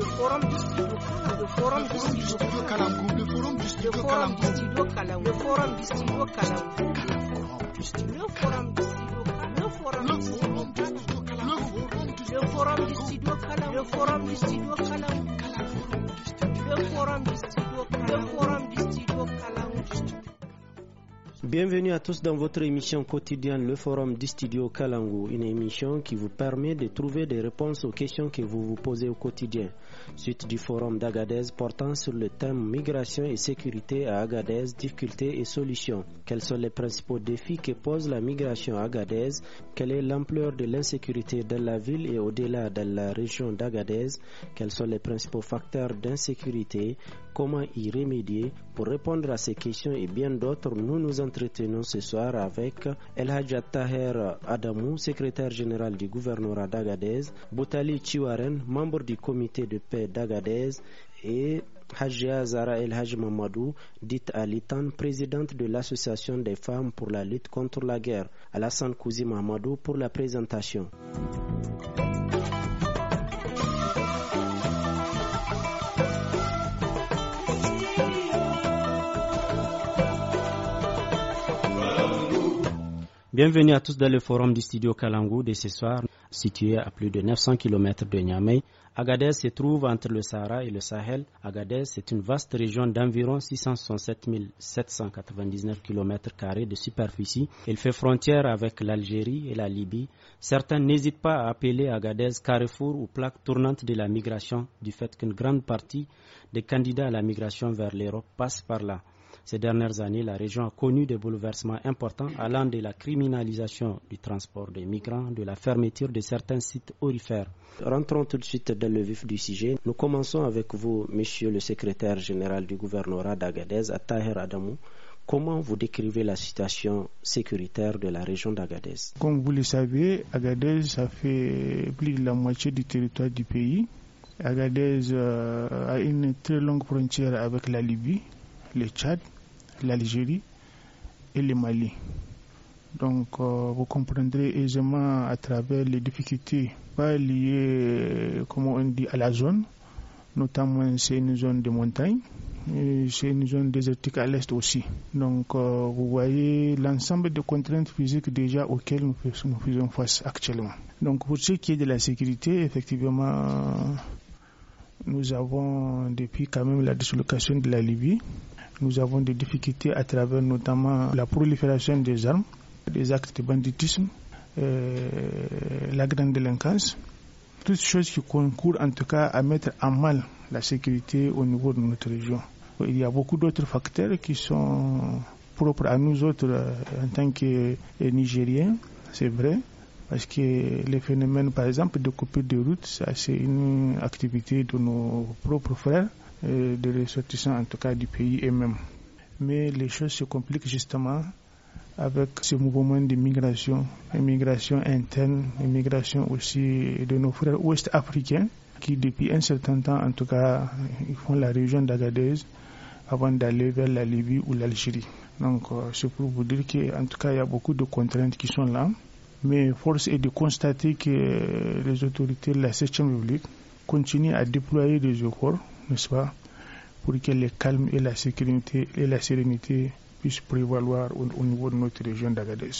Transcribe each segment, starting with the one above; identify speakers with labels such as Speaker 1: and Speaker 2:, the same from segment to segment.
Speaker 1: le forum du forum, le forum forum, studio forum, le forum forum, studio forum, le forum du studio Kalamkou forum du studio Kalamkou forum du studio
Speaker 2: Kalamkou forum du studio Kalamkou forum du studio Kalamkou forum du studio Kalamkou forum du forum, Bienvenue à tous dans votre émission quotidienne Le Forum du Studio Kalangu, une émission qui vous permet de trouver des réponses aux questions que vous vous posez au quotidien. Suite du Forum d'Agadez portant sur le thème Migration et sécurité à Agadez, difficultés et solutions. Quels sont les principaux défis que pose la migration à Agadez Quelle est l'ampleur de l'insécurité dans la ville et au-delà de la région d'Agadez Quels sont les principaux facteurs d'insécurité comment y remédier Pour répondre à ces questions et bien d'autres, nous nous entretenons ce soir avec El Taher Adamou, secrétaire général du gouvernorat d'Agadez, Boutali Chiwaren, membre du comité de paix d'Agadez et Hajia Zara El Haj Mamadou, dite Alitan, présidente de l'Association des femmes pour la lutte contre la guerre, Alassane Kouzi Mamadou pour la présentation. Bienvenue à tous dans le forum du studio Kalangou de ce soir, situé à plus de 900 km de Niamey. Agadez se trouve entre le Sahara et le Sahel. Agadez, est une vaste région d'environ 667 799 km de superficie. Elle fait frontière avec l'Algérie et la Libye. Certains n'hésitent pas à appeler Agadez carrefour ou plaque tournante de la migration, du fait qu'une grande partie des candidats à la migration vers l'Europe passent par là. Ces dernières années, la région a connu des bouleversements importants allant de la criminalisation du transport des migrants, de la fermeture de certains sites orifères. Rentrons tout de suite dans le vif du sujet. Nous commençons avec vous, monsieur le secrétaire général du gouvernorat d'Agadez, Tahir Adamou. Comment vous décrivez la situation sécuritaire de la région
Speaker 3: d'Agadez Comme vous le savez, Agadez, ça fait plus de la moitié du territoire du pays. Agadez euh, a une très longue frontière avec la Libye, le Tchad, l'Algérie et le Mali. Donc euh, vous comprendrez aisément à travers les difficultés pas liées, euh, comme on dit, à la zone, notamment c'est une zone de montagne, c'est une zone désertique à l'est aussi. Donc euh, vous voyez l'ensemble des contraintes physiques déjà auxquelles nous, nous faisons face actuellement. Donc pour ce qui est de la sécurité, effectivement, nous avons depuis quand même la dislocation de la Libye nous avons des difficultés à travers notamment la prolifération des armes, des actes de banditisme, euh, la grande délinquance, toutes choses qui concourent en tout cas à mettre en mal la sécurité au niveau de notre région. Il y a beaucoup d'autres facteurs qui sont propres à nous autres euh, en tant que euh, Nigériens, c'est vrai, parce que les phénomènes par exemple de coupure de route, c'est une activité de nos propres frères euh, de des ressortissants, en tout cas du pays et même. Mais les choses se compliquent justement avec ce mouvement de migration, immigration interne, immigration aussi de nos frères ouest-africains qui depuis un certain temps, en tout cas, ils font la région d'Agadez avant d'aller vers la Libye ou l'Algérie. Donc, euh, c'est pour vous dire qu'en tout cas, il y a beaucoup de contraintes qui sont là. Mais force est de constater que euh, les autorités de la section publique, continuent à déployer des efforts pour que le calme et la sécurité et la sérénité puissent prévaloir au, niveau de notre région d'Agadez.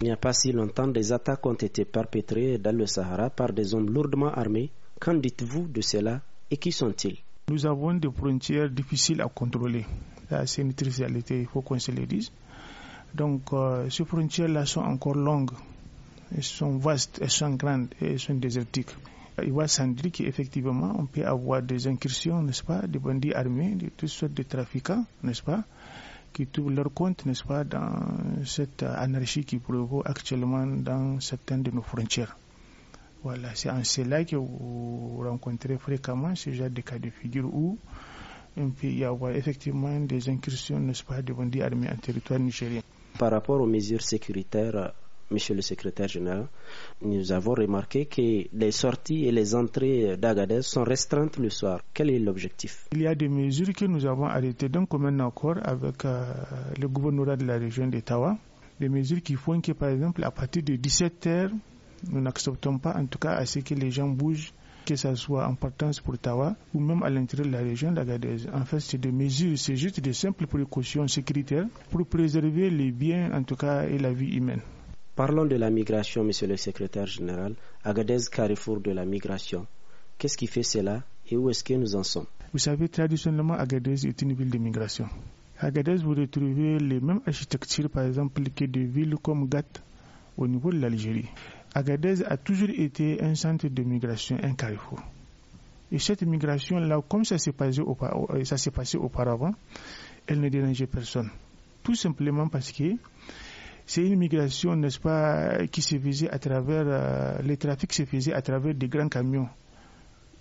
Speaker 3: Il n'y
Speaker 2: a pas si longtemps, des attaques ont été perpétrées dans le Sahara par des hommes lourdement armés.
Speaker 3: Qu'en dites-vous de cela et qui sont-ils Nous avons des frontières difficiles à contrôler. C'est une réalité, il faut qu'on se le dise. Donc, euh, ces frontières-là sont encore longues, elles sont vastes, elles sont grandes et elles sont désertiques. Euh, il va s'indiquer dire qu'effectivement, on peut avoir des incursions, n'est-ce pas, des bandits armés, de toutes sortes de trafiquants, n'est-ce pas, qui trouvent leur compte, n'est-ce pas, dans cette anarchie qui prévaut actuellement dans certaines de nos frontières. Voilà, c'est en cela que vous rencontrez fréquemment ce genre de cas de figure où il peut y avoir effectivement des incursions, n'est-ce pas, des bandits armés en territoire nigérien.
Speaker 2: Par rapport aux mesures sécuritaires, Monsieur le Secrétaire général, nous avons remarqué que les sorties et les entrées d'Agadez sont restreintes le soir. Quel est l'objectif
Speaker 3: Il y a des mesures que nous avons arrêtées d'un commun accord avec euh, le gouvernement de la région d'Etawa. Des mesures qui font que, par exemple, à partir de 17h, nous n'acceptons pas, en tout cas, à ce que les gens bougent que ce soit en partance pour Tawa ou même à l'intérieur de la région d'Agadez. En fait, c'est des mesures, c'est juste des simples précautions sécuritaires pour préserver les biens, en tout cas, et la vie humaine.
Speaker 2: Parlons de la migration, monsieur le secrétaire général. Agadez, carrefour de la migration. Qu'est-ce qui fait cela et où est-ce que nous en sommes
Speaker 3: Vous savez, traditionnellement, Agadez est une ville de migration. Agadez, vous retrouvez les mêmes architectures, par exemple, que des villes comme Gat au niveau de l'Algérie. Agadez a toujours été un centre de migration, un carrefour. Et cette migration-là, comme ça s'est passé, passé auparavant, elle ne dérangeait personne. Tout simplement parce que c'est une migration, n'est-ce pas, qui se faisait à travers, euh, les trafics se faisait à travers des grands camions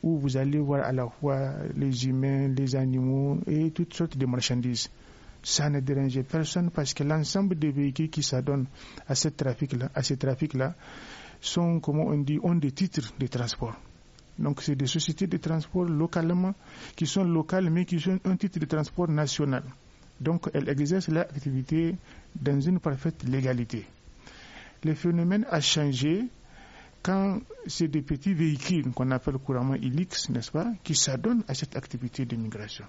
Speaker 3: où vous allez voir à la fois les humains, les animaux et toutes sortes de marchandises. Ça ne dérangeait personne parce que l'ensemble des véhicules qui s'adonnent à ce trafic-là, à ce trafic-là, sont, comment on dit, ont des titres de transport. Donc, c'est des sociétés de transport localement, qui sont locales, mais qui ont un titre de transport national. Donc elle exerce l'activité dans une parfaite légalité. Le phénomène a changé quand c'est des petits véhicules qu'on appelle couramment ilix, n'est-ce pas, qui s'adonnent à cette activité de migration.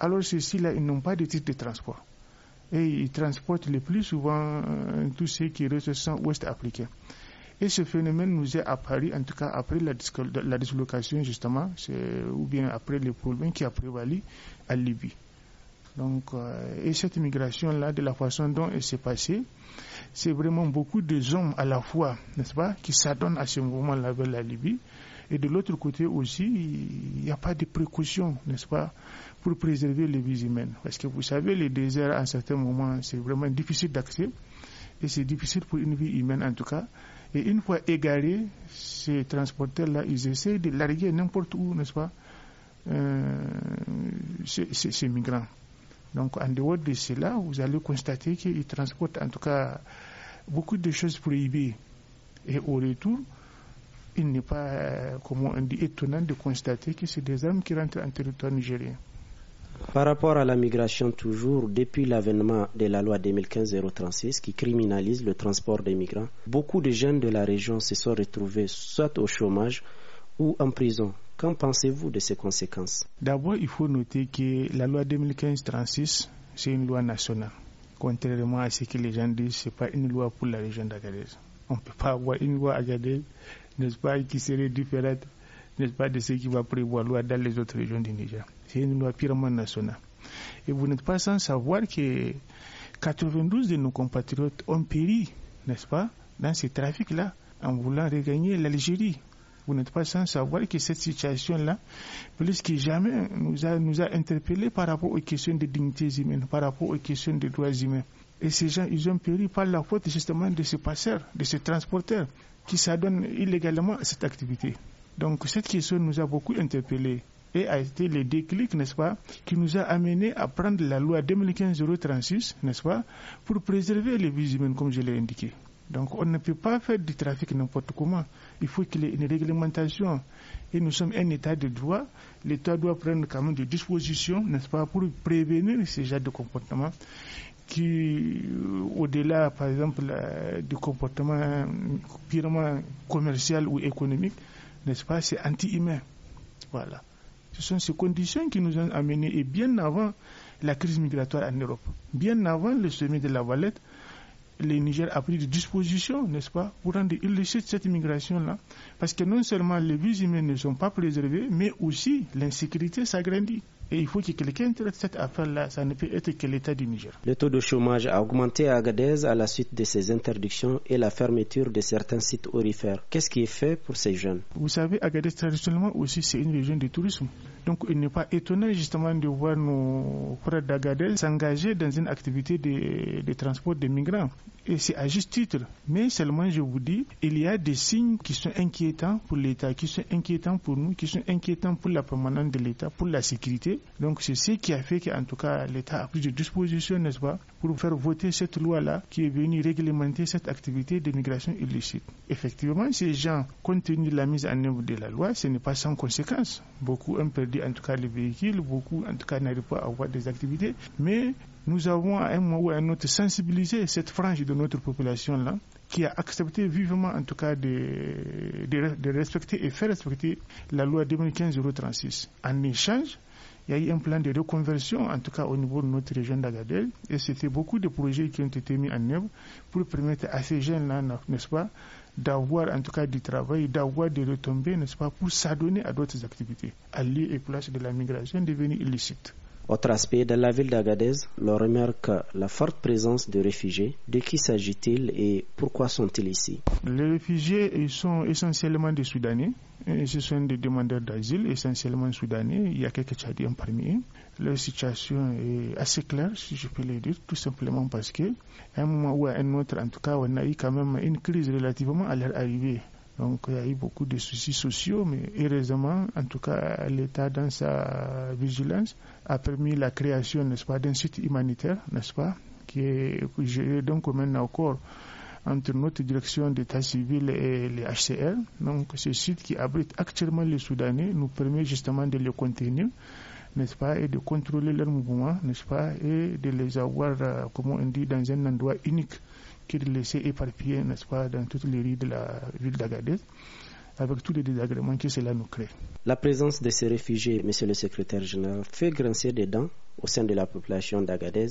Speaker 3: Alors ceux-ci-là, ils n'ont pas de titre de transport. Et ils transportent le plus souvent euh, tous ceux qui ressentent ouest africains Et ce phénomène nous est apparu, en tout cas après la dislocation justement, ou bien après le problème qui a prévalu à Libye. Donc, euh, et cette migration-là, de la façon dont elle s'est passée, c'est vraiment beaucoup de hommes à la fois, n'est-ce pas, qui s'adonnent à ce mouvement-là vers la Libye. Et de l'autre côté aussi, il n'y a pas de précaution, n'est-ce pas, pour préserver les vies humaines. Parce que vous savez, les déserts, à certains moments, c'est vraiment difficile d'accès. Et c'est difficile pour une vie humaine, en tout cas. Et une fois égarés, ces transporteurs-là, ils essaient de larguer n'importe où, n'est-ce pas, euh, ces migrants. Donc en dehors de cela, vous allez constater qu'ils transportent en tout cas beaucoup de choses prohibées. Et au retour, il n'est pas, euh, dit, étonnant de constater que c'est des hommes qui rentrent en territoire nigérien.
Speaker 2: Par rapport à la migration, toujours, depuis l'avènement de la loi 2015-036 qui criminalise le transport des migrants, beaucoup de jeunes de la région se sont retrouvés soit au chômage, ou en prison. Qu'en pensez-vous de ces conséquences
Speaker 3: D'abord, il faut noter que la loi 2015-36, c'est une loi nationale. Contrairement à ce que les gens disent, ce n'est pas une loi pour la région d'Agadez. On ne peut pas avoir une loi Agadez, n'est-ce pas, qui serait différente, n'est-ce pas, de ce qui va prévoir loi dans les autres régions du Niger. C'est une loi purement nationale. Et vous n'êtes pas sans savoir que 92 de nos compatriotes ont péri, n'est-ce pas, dans ce trafic-là, en voulant regagner l'Algérie. Vous n'êtes pas sans savoir que cette situation-là, plus que jamais, nous a, nous a interpellés par rapport aux questions de dignité humaine, par rapport aux questions de droits humains. Et ces gens, ils ont péri par la faute justement de ces passeurs, de ces transporteurs qui s'adonnent illégalement à cette activité. Donc cette question nous a beaucoup interpellés et a été le déclic, n'est-ce pas, qui nous a amené à prendre la loi 2015-036, n'est-ce pas, pour préserver les vies humaines, comme je l'ai indiqué. Donc on ne peut pas faire du trafic n'importe comment. Il faut qu'il y ait une réglementation. Et nous sommes un État de droit. L'État doit prendre quand même des dispositions, n'est-ce pas, pour prévenir ces genres de comportements qui, euh, au-delà, par exemple, euh, du comportement purement commercial ou économique, n'est-ce pas, c'est anti-humain. Voilà. Ce sont ces conditions qui nous ont amenés, et bien avant la crise migratoire en Europe, bien avant le sommet de la Valette, le Niger a pris des dispositions, n'est-ce pas, pour rendre illicite cette immigration là Parce que non seulement les vies humaines ne sont pas préservées, mais aussi l'insécurité s'agrandit. Et il faut que quelqu'un traite cette affaire-là. Ça ne peut être que l'État du Niger.
Speaker 2: Le taux de chômage a augmenté à Agadez à la suite de ces interdictions et la fermeture de certains sites orifères. Qu'est-ce qui est fait pour ces jeunes
Speaker 3: Vous savez, Agadez, traditionnellement aussi, c'est une région de tourisme. Donc il n'est pas étonnant justement de voir nos frères d'Agadez s'engager dans une activité de, transport des migrants. Et c'est à juste titre. Mais seulement je vous dis, il y a des signes qui sont inquiétants pour l'État, qui sont inquiétants pour nous, qui sont inquiétants pour la permanence de l'État, pour la sécurité. Donc c'est ce qui a fait qu'en tout cas l'État a pris des dispositions, n'est-ce pas, pour faire voter cette loi-là qui est venue réglementer cette activité de migration illicite. Effectivement, ces gens, compte tenu de la mise en œuvre de la loi, ce n'est pas sans conséquence. Beaucoup ont perdu en tout cas, les véhicules, beaucoup, en tout cas, n'arrivent pas à avoir des activités. Mais nous avons à un moment ou à un autre sensibilisé cette frange de notre population-là qui a accepté vivement, en tout cas, de, de, respecter et faire respecter la loi 2015-036. En échange, il y a eu un plan de reconversion, en tout cas au niveau de notre région d'Agadel et c'était beaucoup de projets qui ont été mis en œuvre pour permettre à ces jeunes-là, n'est-ce pas, d'avoir en tout cas du travail, d'avoir des retombées, n'est-ce pas, pour s'adonner à d'autres activités, à et place de la migration devenue illicite.
Speaker 2: Autre aspect, dans la ville d'Agadez, l'on remarque la forte présence de réfugiés. De qui s'agit-il et pourquoi sont-ils ici
Speaker 3: Les réfugiés sont essentiellement des Soudanais. Et ce sont des demandeurs d'asile, essentiellement soudanais. Il y a quelques Tchadiens parmi eux. La situation est assez claire, si je peux le dire, tout simplement parce que, un moment ou à un autre, en tout cas, on a eu quand même une crise relativement à leur arrivée. Donc il y a eu beaucoup de soucis sociaux, mais heureusement, en tout cas, l'État dans sa vigilance a permis la création, n'est-ce pas, d'un site humanitaire, n'est-ce pas, qui est géré donc comme un accord entre notre direction d'état civil et les HCR. Donc ce site qui abrite actuellement les Soudanais nous permet justement de les contenir n'est-ce pas, et de contrôler leurs mouvements, n'est-ce pas, et de les avoir, euh, comme on dit, dans un endroit unique qu'il laissait éparpillé, n'est-ce pas, dans toutes les rues de la ville d'Agadez avec tous les désagréments que cela nous crée.
Speaker 2: La présence de ces réfugiés, Monsieur le Secrétaire général, fait grincer des dents au sein de la population d'Agadez.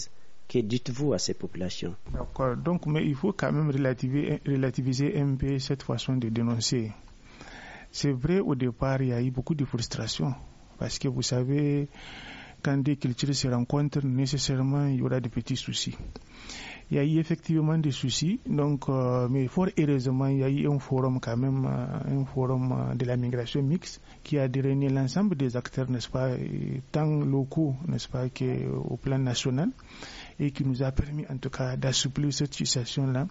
Speaker 2: Que dites-vous à ces populations
Speaker 3: D'accord, donc mais il faut quand même relativiser, relativiser un peu cette façon de dénoncer. C'est vrai, au départ, il y a eu beaucoup de frustration parce que vous savez, quand des cultures se rencontrent, nécessairement, il y aura des petits soucis il y a eu effectivement des soucis. Donc, euh, mais fort heureusement, il y a eu un forum quand même, euh, un forum euh, de la migration mixte qui a déraigné l'ensemble des acteurs, n'est-ce pas, tant locaux, n'est-ce pas, qu'au plan national et qui nous a permis en tout cas d'assouplir cette situation-là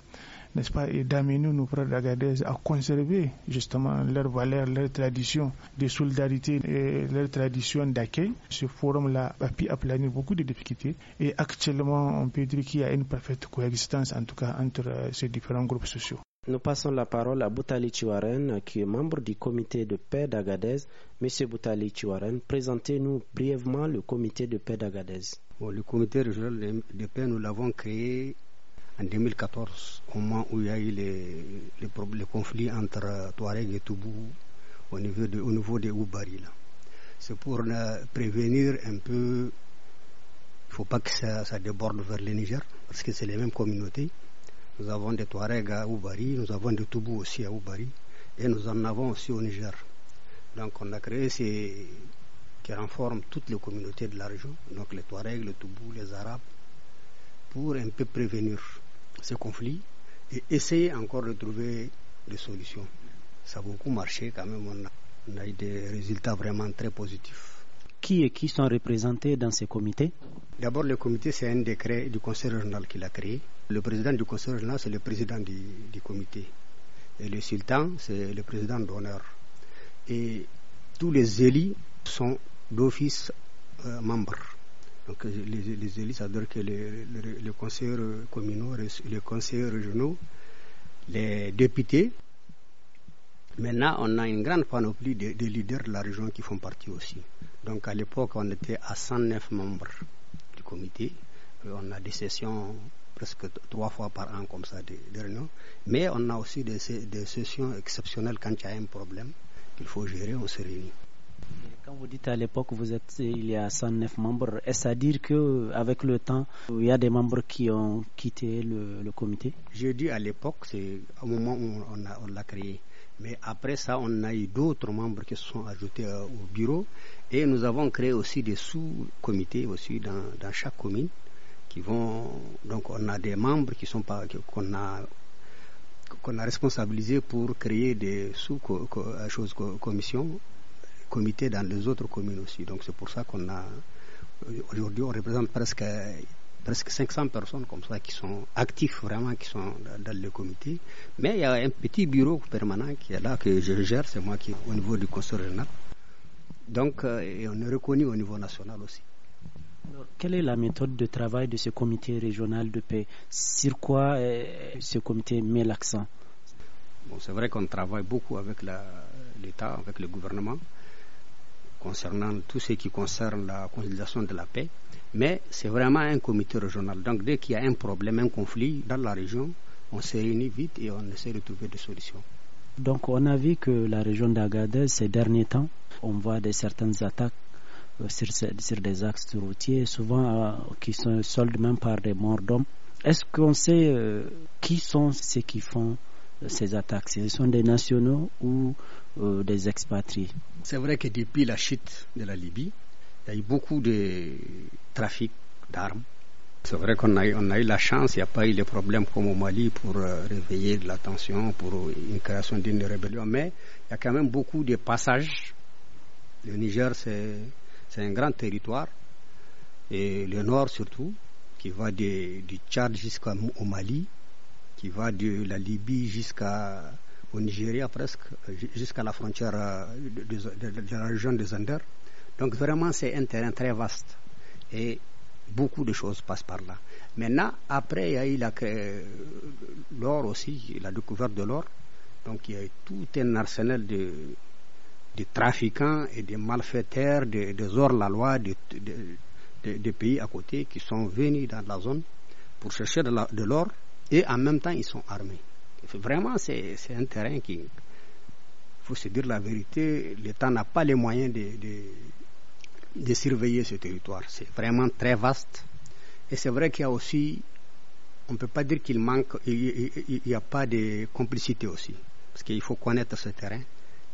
Speaker 3: n'est-ce pas, et d'amener nos frères d'Agadez à conserver justement leurs valeurs leurs traditions de solidarité et leurs traditions d'accueil. Ce forum-là a pu aplaner beaucoup de difficultés et actuellement, on peut dire qu'il y a une parfaite coexistence en tout cas entre euh, ces différents groupes sociaux.
Speaker 2: Nous passons la parole à Boutali Chiwaren, qui est membre du comité de paix d'Agadez. Monsieur Boutali Chiwaren, présentez-nous brièvement le comité de paix d'Agadez. le comité
Speaker 4: régional de paix, nous l'avons créé en 2014, au moment où il y a eu les, conflit entre Touareg et Toubou au niveau, de, au niveau des Oubari. C'est pour euh, prévenir un peu, il ne faut pas que ça, déborde vers le Niger, parce que c'est les mêmes communautés. Nous avons des Touareg à Oubari, nous avons des Toubou aussi à Oubari, et nous en avons aussi au Niger. Donc on a créé ces qui renforment toutes les communautés de la région, donc les Touaregs, les Toubou, les Arabes, pour un peu prévenir ce conflit et essayer encore de trouver des solutions. Ça a beaucoup marché quand même, on a, eu des résultats vraiment très positifs. Qui et qui sont représentés dans ces comités D'abord, le comité, c'est un décret du Conseil régional qui l'a créé. Le président du Conseil régional, c'est le président du, comité. Et le sultan, c'est le président d'honneur. Et tous les élus sont d'office euh, membres. Donc les, les élites, cest à dire que les, conseillers communaux, les conseillers régionaux, les députés. Maintenant, on a une grande panoplie de, leaders de la région qui font partie aussi. Donc à l'époque, on était à 109 membres du comité. Euh, on a des sessions presque trois fois par an comme ça des, réunions. Mais
Speaker 2: on a aussi des, des sessions exceptionnelles quand il y a un problème qu'il faut gérer, on se réunit. Quand vous dites à l'époque, vous êtes, il y a 109 membres, est-ce à dire qu'avec le temps, il y a des membres qui ont quitté le, comité
Speaker 4: j'ai dit à l'époque, c'est au moment où on l'a créé. Mais après ça, on a eu d'autres membres qui se sont ajoutés euh, au bureau et nous avons créé aussi des sous-comités aussi dans, chaque commune qui vont. Donc on a des membres qui sont pas a qu'on a responsabilisés pour créer des sous-commissions Comité dans les autres communes aussi. Donc c'est pour ça qu'on a aujourd'hui on représente presque presque 500 personnes comme ça qui sont actifs vraiment, qui sont dans le comité. Mais il y a un petit bureau permanent qui est là, que je gère, c'est moi qui au niveau du conseil régional. Donc euh, on est reconnu au niveau national aussi.
Speaker 2: quelle est la méthode de travail de ce comité régional de paix Sur quoi euh, ce comité met l'accent
Speaker 4: bon, C'est vrai qu'on travaille beaucoup avec l'État, avec le gouvernement concernant tout ce qui concerne la consolidation de la paix, mais c'est vraiment un comité régional. Donc dès qu'il y a un problème, un conflit dans la région, on se réunit vite et on essaie de trouver des solutions.
Speaker 2: Donc on a vu que la région d'Agadez, ces derniers temps, on voit de certaines attaques euh, sur, des axes routiers, souvent euh, qui sont soldés même par des morts d'hommes. Est-ce qu'on sait euh, qui sont ceux qui font ces attaques Ce sont des nationaux ou euh, des expatriés.
Speaker 4: C'est vrai que depuis la chute de la Libye, il y a eu beaucoup de trafic d'armes. C'est vrai qu'on a, on a, eu la chance, il n'y a pas eu de problème comme au Mali pour euh, réveiller de la pour une création d'une rébellion, mais il y a quand même beaucoup de passages. Le Niger, c'est un grand territoire, et le nord surtout, qui va du Tchad jusqu'au Mali, qui va de la Libye jusqu'à au Nigeria presque, jusqu'à la frontière euh, de, la région des Anders. Donc vraiment, c'est un terrain très vaste et beaucoup de choses passent par là. Maintenant, après, il y a eu l'or aussi, la découverte de l'or. Donc il y a eu tout un arsenal de, trafiquants et de malfaiteurs, des de hors-la-loi des pays à côté qui sont venus dans la zone pour chercher de l'or et en même temps ils sont armés. Vraiment, c'est un terrain qui, faut se dire la vérité, l'État n'a pas les moyens de, surveiller ce territoire. C'est vraiment très vaste. Et c'est vrai qu'il y a aussi, on ne peut pas dire qu'il manque, il n'y a pas de complicité aussi. Parce qu'il faut connaître ce terrain.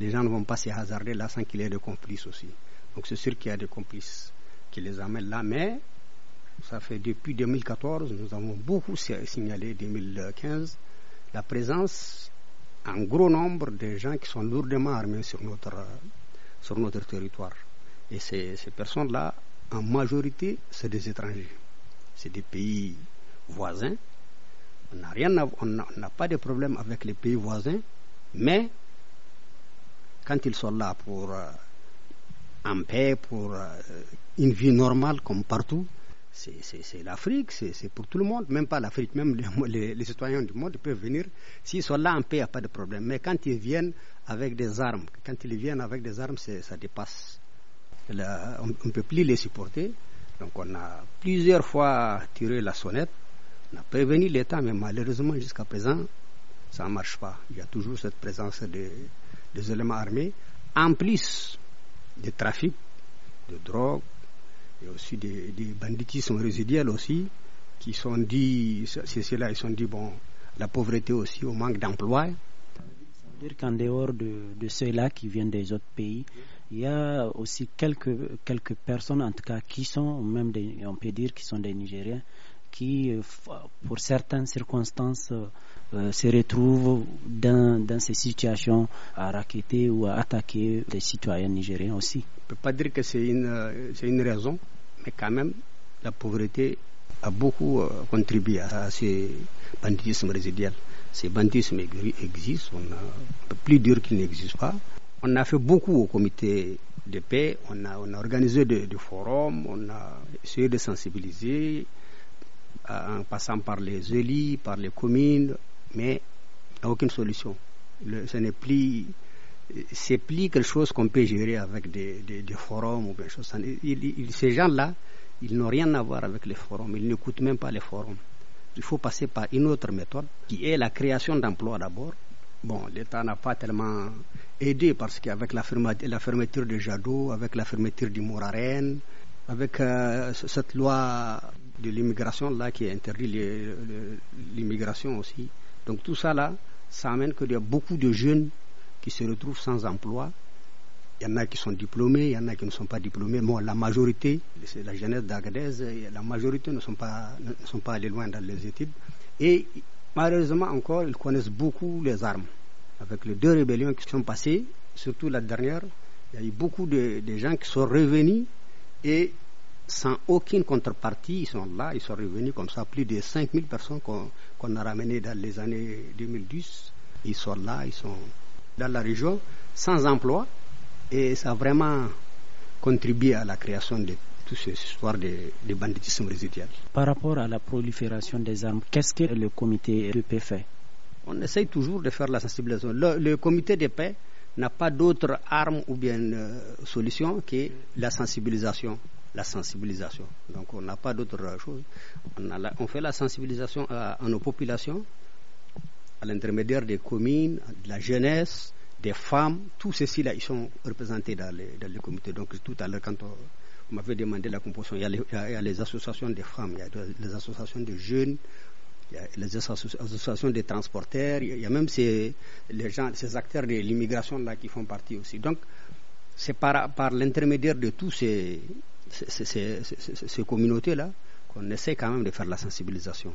Speaker 4: Les gens ne vont pas se hasarder là sans qu'il y ait de complices aussi. Donc c'est sûr qu'il y a des complices qui les amènent là, mais ça fait depuis 2014, nous avons beaucoup signalé 2015 la présence en gros nombre de gens qui sont lourdement armés sur notre, euh, sur notre territoire. Et ces, personnes-là, en majorité, c'est des étrangers. C'est des pays voisins. On n'a rien, n'a pas de problème avec les pays voisins, mais quand ils sont là pour euh, en paix, pour euh, une vie normale comme partout, c'est l'Afrique, c'est pour tout le monde, même pas l'Afrique, même les, citoyens du monde peuvent venir. S'ils sont là en paix, il n'y a pas de problème. Mais quand ils viennent avec des armes, quand ils viennent avec des armes, ça dépasse. on ne peut plus les supporter. Donc on a plusieurs fois tiré la sonnette, on a prévenu l'État, mais malheureusement jusqu'à présent, ça ne marche pas. Il y a toujours cette présence de, des éléments armés, en plus des trafics de drogue, il y a aussi des, bandits qui sont résiduels aussi, qui sont dit, c'est cela, ils sont dit, bon, la pauvreté aussi, au manque
Speaker 2: d'emploi. Ça veut dire qu'en dehors de, de ceux-là qui viennent des autres pays, il y a aussi quelques, quelques personnes, en tout cas, qui sont, même on peut dire, qui sont des Nigériens, qui, euh, pour certaines circonstances, euh, euh, se retrouvent dans, dans, ces situations à raqueter ou à attaquer les citoyens nigériens aussi. On
Speaker 4: ne peut pas dire que c'est une, euh, une raison, mais quand même, la pauvreté a beaucoup euh, contribué à ce banditisme résiduel. Ces banditisme existe, on peut plus dur qu'il n'existe pas. On a fait beaucoup au comité de paix, on a, on a organisé des forums, on a essayé de sensibiliser en passant par les élus, par les communes, mais aucune solution. ce n'est plus c'est plus quelque chose qu'on peut gérer avec des, forums ou des choses. ces gens-là, ils n'ont rien à voir avec les forums, ils n'écoutent même pas les forums. Il faut passer par une autre méthode qui est la création d'emplois d'abord. Bon, l'État n'a pas tellement aidé parce qu'avec la, fermeture de Jadot, avec la fermeture du Mourarène avec euh, cette loi de l'immigration là qui interdit l'immigration aussi, donc tout ça là, ça amène qu'il y a beaucoup de jeunes qui se retrouvent sans emploi. Il y en a qui sont diplômés, il y en a qui ne sont pas diplômés. Moi, la majorité, c'est la jeunesse d'Agadez, la majorité ne sont, pas, ne sont pas allés loin dans les études. Et malheureusement encore, ils connaissent beaucoup les armes. Avec les deux rébellions qui sont passées, surtout la dernière, il y a eu beaucoup de, de gens qui sont revenus et sans aucune contrepartie, ils sont là, ils sont revenus comme ça, plus de 5000 personnes qu'on a ramenées dans les années 2010, ils sont là, ils sont dans la région, sans emploi, et ça a vraiment contribué à la création de toute cette histoire de, banditisme résiduel.
Speaker 2: Par rapport à la prolifération des armes, qu'est-ce que le comité de paix fait On essaye
Speaker 4: toujours de faire la sensibilisation. le, comité de paix n'a pas d'autre arme ou bien euh, solution que la sensibilisation la sensibilisation. Donc on n'a pas d'autre chose. On, on, fait la sensibilisation à, nos populations, à l'intermédiaire des communes, de la jeunesse, des femmes. Tout ceci-là, ils sont représentés dans les, dans les comités. Donc tout à l'heure, quand on, m'avait demandé la composition, il y, a les, associations des femmes, il y a les associations de jeunes, il y a les associations des transporteurs, il y a même ces, les gens, ces acteurs de l'immigration là qui font partie aussi. Donc, c'est par, par l'intermédiaire de tous ces, ces communautés-là qu'on essaie quand même de faire la sensibilisation.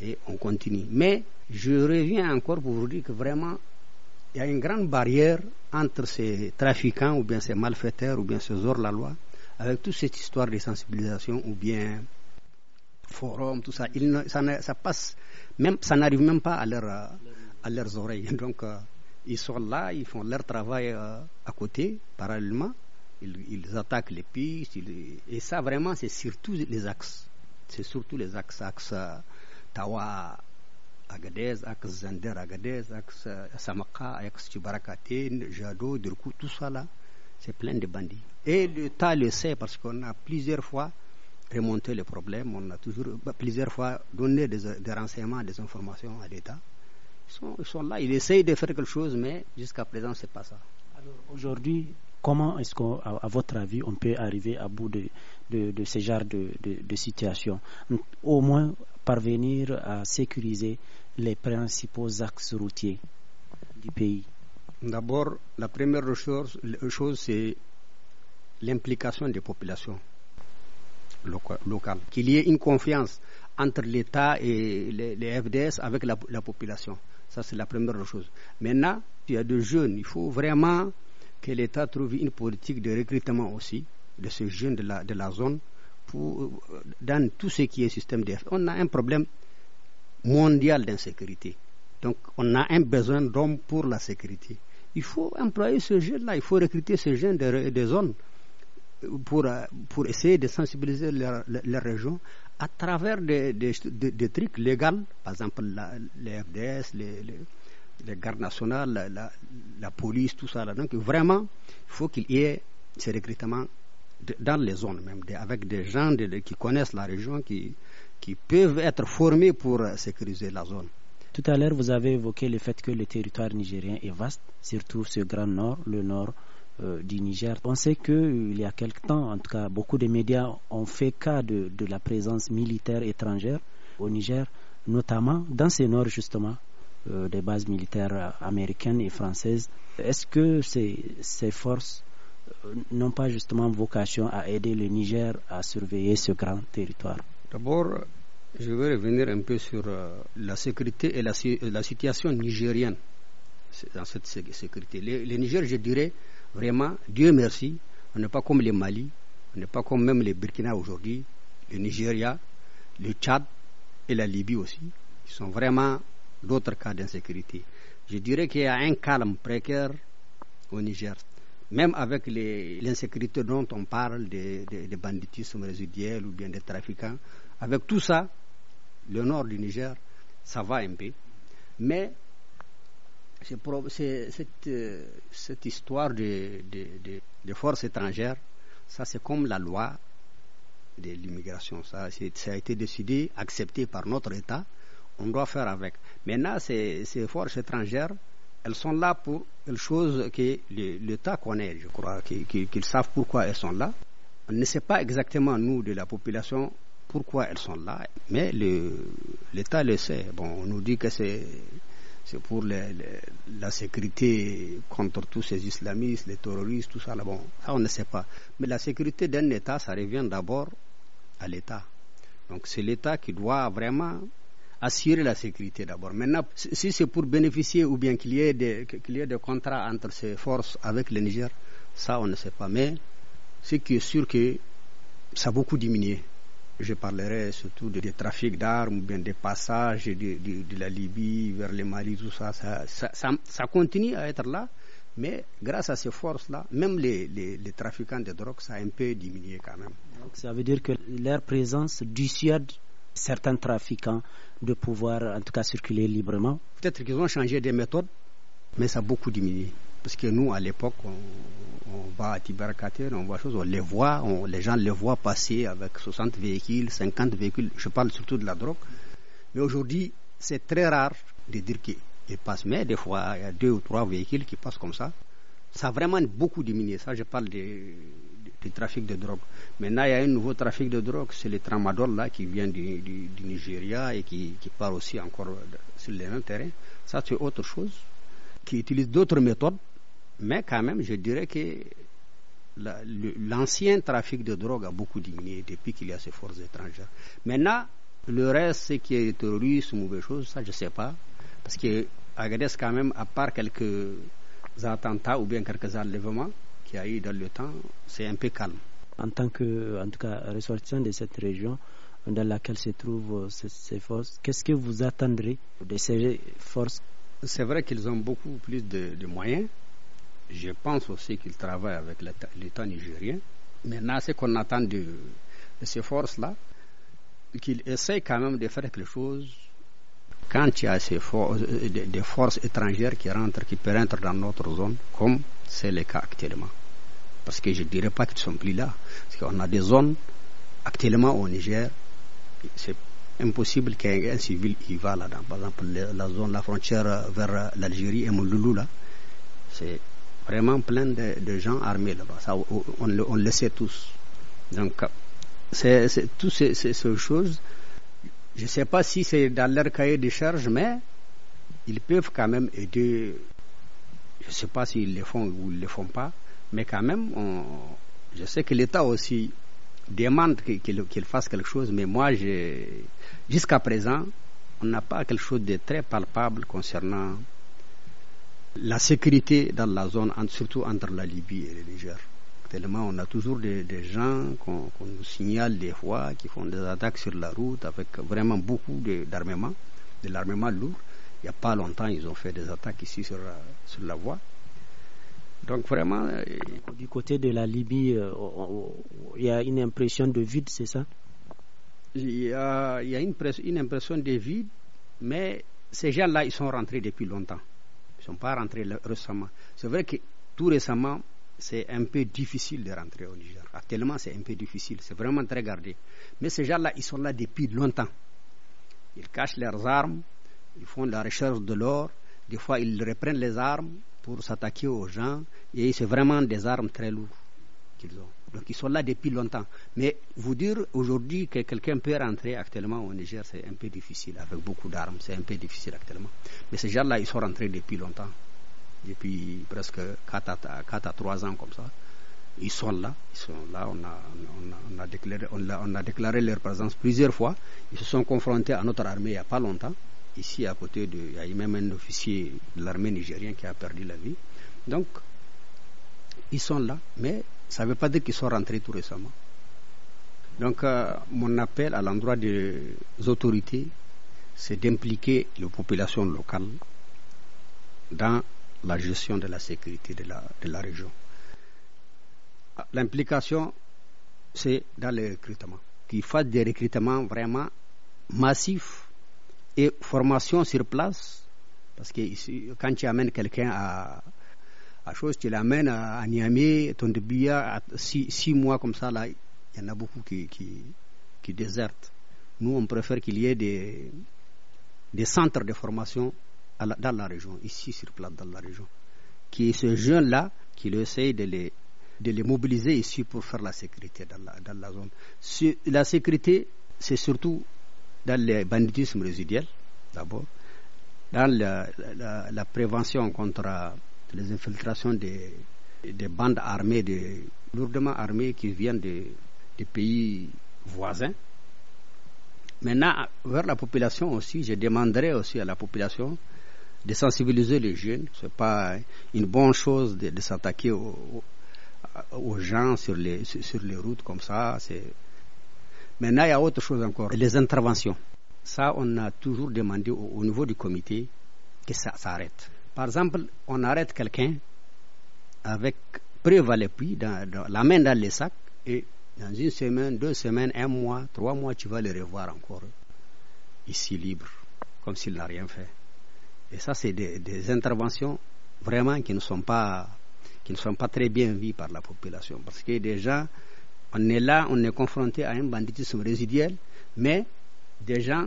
Speaker 4: Et on continue. Mais je reviens encore pour vous dire que vraiment, il y a une grande barrière entre ces trafiquants ou bien ces malfaiteurs ou bien ces hors-la-loi avec toute cette histoire de sensibilisation ou bien forum, tout ça. Ils, ça, ça, passe, même, ça n'arrive même pas à, leur, à leurs oreilles. Donc, euh, ils sont là, ils font leur travail euh, à côté, parallèlement ils, attaquent les pistes, et ça vraiment c'est surtout les axes. C'est surtout les axes, axe euh, Tawa Agadez, axe Zander Agadez, axe euh, Samaka, axe Tibarakate, Jado, Dirkou... tout ça là, c'est plein de bandits. Et l'État le sait parce qu'on a plusieurs fois remonté le problème, on a toujours bah, plusieurs fois donné des, renseignements, des informations à l'État. Ils sont, ils sont là, ils essayent de faire quelque chose, mais jusqu'à présent, c'est pas ça.
Speaker 2: Alors aujourd'hui, Comment est-ce qu'à votre avis, on peut arriver à bout de, de, ce genre de, situation Au moins parvenir à sécuriser les principaux axes routiers du pays
Speaker 4: D'abord, la première chose, chose c'est l'implication des populations locales. Qu'il y ait une confiance entre l'État et les, FDS avec la, la population. Ça, c'est la première chose. Maintenant, il y a des jeunes, il faut vraiment que l'État trouve une politique de recrutement aussi de ces jeunes de la, de la zone pour, euh, dans tout ce qui est système d'EF. On a un problème mondial d'insécurité. Donc, on a un besoin d'hommes pour la sécurité. Il faut employer ce jeune-là, il faut recruter ce jeune des de zones pour, euh, pour essayer de sensibiliser les région à travers des, trucs légaux, par exemple la, les FDS, les les gardes nationales, la, police, tout ça. Là. Donc vraiment, il faut qu'il y ait ces recrutements dans les zones même, avec des gens qui connaissent la région, qui,
Speaker 2: qui peuvent être formés pour sécuriser la zone. Tout à l'heure, vous avez évoqué le fait que le territoire nigérien est vaste, surtout ce grand nord, le nord euh, du Niger. On sait qu'il y a quelque temps, en tout cas, beaucoup de médias ont fait cas de, de la présence militaire étrangère au Niger, notamment dans ce nord, justement, euh, des bases militaires américaines et françaises. Est-ce que ces, forces euh, n'ont pas justement vocation à aider le Niger à surveiller ce grand territoire D'abord,
Speaker 4: je vais revenir un peu sur euh, la sécurité et la, situation nigérienne dans cette sécurité. Le, Niger, je dirais vraiment, Dieu merci, on n'est pas comme les Mali, on n'est pas comme même les Burkina aujourd'hui, le Nigeria, le Tchad et la Libye aussi. Ils sont vraiment d'autres cas d'insécurité. Je dirais qu'il y a un calme précaire au Niger. Même avec l'insécurité dont on parle, des, des, banditismes résiduels ou bien des trafiquants, avec tout ça, le nord du Niger, ça va un peu. Mais cette, euh, cette, histoire de, forces étrangères, ça c'est comme la loi de l'immigration. Ça, ça, a été décidé, accepté par notre État. On doit faire avec. Maintenant, ces, forces étrangères, elles sont là pour une chose que l'État connaît, je crois, qu'ils savent pourquoi elles sont là. On ne sait pas exactement, nous, de la population, pourquoi elles sont là, mais l'État le, sait. Bon, on nous dit que c'est pour la sécurité contre tous ces islamistes, les terroristes, tout ça. Là, bon, ça, on ne sait pas. Mais la sécurité d'un État, ça revient d'abord à l'État. Donc, c'est l'État qui doit vraiment assurer la sécurité d'abord. Maintenant, si c'est pour bénéficier ou bien qu'il y, ait des, contrats entre ces forces avec le Niger, ça on ne sait pas. Mais ce qui est sûr que ça a beaucoup diminué. Je parlerai surtout des de trafics d'armes, ou bien des passages de, la Libye vers le Mali, tout ça ça, ça continue à être là, mais grâce à ces forces-là, même les, les, trafiquants de drogue, ça a un peu diminué quand même.
Speaker 2: ça veut dire que leur présence dissuade certains trafiquants de pouvoir en tout cas circuler librement
Speaker 4: Peut-être qu'ils ont changé des méthodes, mais ça a beaucoup diminué. Parce que nous, à l'époque, on, va à Tibercater, on voit choses, on les voit, les gens les voient passer avec 60 véhicules, 50 véhicules, je parle surtout de la drogue. Mais aujourd'hui, c'est très rare de dire qu'ils passent, mais des fois, il y a deux ou trois véhicules qui passent comme ça. Ça a vraiment beaucoup diminué. Ça, je parle des du trafic de drogue. Maintenant, il y a un nouveau trafic de drogue, c'est le tramadol là, qui vient du, Nigeria et qui, qui, part aussi encore sur les mêmes terrains. Ça, c'est autre chose, qui utilise d'autres méthodes, mais quand même, je dirais que l'ancien trafic de drogue a beaucoup diminué depuis qu'il y a ces forces étrangères. Maintenant, le reste, ce qui est terroriste mauvaise chose, ça, je ne sais pas. Parce que Agadez, quand même, à part quelques attentats ou bien quelques enlèvements, y a eu dans le temps, c'est un peu calme.
Speaker 2: En tant que, en tout cas, ressortissant de cette région dans laquelle se trouvent euh, ces, forces, qu'est-ce que vous attendrez de ces forces C'est vrai qu'ils
Speaker 4: ont beaucoup plus de, moyens. Je pense aussi qu'ils travaillent avec l'État nigérien. Maintenant, ce qu'on attend de, ces forces-là, qu'ils essayent quand même de faire quelque chose quand il y a ces for euh, des forces étrangères qui rentrent, qui peuvent dans notre zone, comme c'est le cas actuellement. Parce que je ne dirais pas qu'ils ne sont plus là. Parce qu'on a des zones, actuellement au Niger, c'est impossible qu'un civil y va là-dedans. Par exemple, la zone, la frontière euh, vers euh, l'Algérie et Mouloulou, là, c'est vraiment plein de, gens armés là-bas. on, le, sait tous. Donc, c'est, toutes ces, choses, je ne sais pas si c'est dans leur cahier de charge, mais ils peuvent quand même aider. Je ne sais pas s'ils le font ou ils ne le font pas. Mais quand même, je sais que l'État aussi demande qu'il fasse quelque chose, mais moi, jusqu'à présent, on n'a pas quelque chose de très palpable concernant la sécurité dans la zone, surtout entre la Libye et le Niger. Tellement on a toujours des, gens qu'on nous signale des fois, qui font des attaques sur la route avec vraiment beaucoup d'armement, de l'armement lourd. Il n'y a pas longtemps, ils ont fait des attaques ici
Speaker 2: sur la voie. Donc vraiment. Euh, du côté de la Libye, euh, il y a une impression de vide, c'est ça
Speaker 4: Il y a, une, une, impression de vide, mais ces gens-là, ils sont rentrés depuis longtemps. Ils ne sont pas rentrés récemment. C'est vrai que tout récemment, c'est un peu difficile de rentrer au Niger. Actuellement, c'est un peu difficile. C'est vraiment très gardé. Mais ces gens-là, ils sont là depuis longtemps. Ils cachent leurs armes, ils font la recherche de l'or, des fois ils reprennent les armes, pour s'attaquer aux gens. Et c'est vraiment des armes très lourdes qu'ils ont. Donc ils sont là depuis longtemps. Mais vous dire aujourd'hui que quelqu'un peut rentrer actuellement au Niger, c'est un peu difficile. Avec beaucoup d'armes, c'est un peu difficile actuellement. Mais ces gens-là, ils sont rentrés depuis longtemps. Depuis presque 4 à, 3 ans comme ça. Ils sont là. Ils sont là. On a, on a, déclaré, on a, on a déclaré leur présence plusieurs fois. Ils se sont confrontés à notre armée il n'y a pas longtemps ici à côté de. Il y a même un officier de l'armée nigérienne qui a perdu la vie. Donc, ils sont là, mais ça ne veut pas dire qu'ils sont rentrés tout récemment. Donc, euh, mon appel à l'endroit des autorités, c'est d'impliquer les populations locales dans la gestion de la sécurité de la, de la région. L'implication, c'est dans les recrutements, qu'ils fassent des recrutements vraiment massifs et formation sur place. Parce que ici, quand tu amènes quelqu'un à, à chose, tu l'amènes à, Niamey, ton six, mois comme ça, là, il y en a beaucoup qui, qui, qui désertent. Nous, on préfère qu'il y ait des, des centres de formation dans la région, ici sur place, dans la région. Qui est ce jeune-là qui essaye de les, de les mobiliser ici pour faire la sécurité dans la, dans la zone. la sécurité, c'est surtout dans le banditisme résiduel, d'abord, dans la, prévention contre les infiltrations des, bandes armées, de lourdement armées qui viennent des, pays voisins. Maintenant, vers la population aussi, je demanderai aussi à la population de sensibiliser les jeunes. Ce pas une bonne chose de, s'attaquer aux, aux, gens sur les, sur les routes comme ça. C'est Maintenant, il y a autre chose encore, les interventions. Ça, on a toujours demandé au, niveau du comité que ça s'arrête. Par exemple, on arrête quelqu'un avec preuve à l'appui, dans, la main dans les sacs, et dans une semaine, deux semaines, un mois, trois mois, tu vas le revoir encore ici libre, comme s'il n'a rien fait. Et ça, c'est des, des, interventions vraiment qui ne sont pas qui ne sont pas très bien vues par la population, parce que déjà on est là, on est confronté à un banditisme résiduel, mais des gens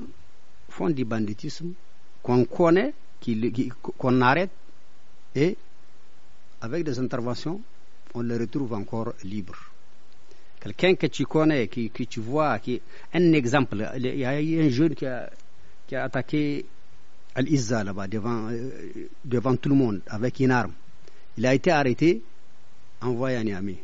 Speaker 4: font du banditisme qu'on connaît, qu'on arrête, et avec des interventions, on les retrouve encore libre. Quelqu'un que tu connais, qui tu vois, qui un exemple, il y a eu un jeune qui a, attaqué al là-bas, devant, euh, devant tout le monde, avec une arme. Il a été arrêté, envoyé à Niamey.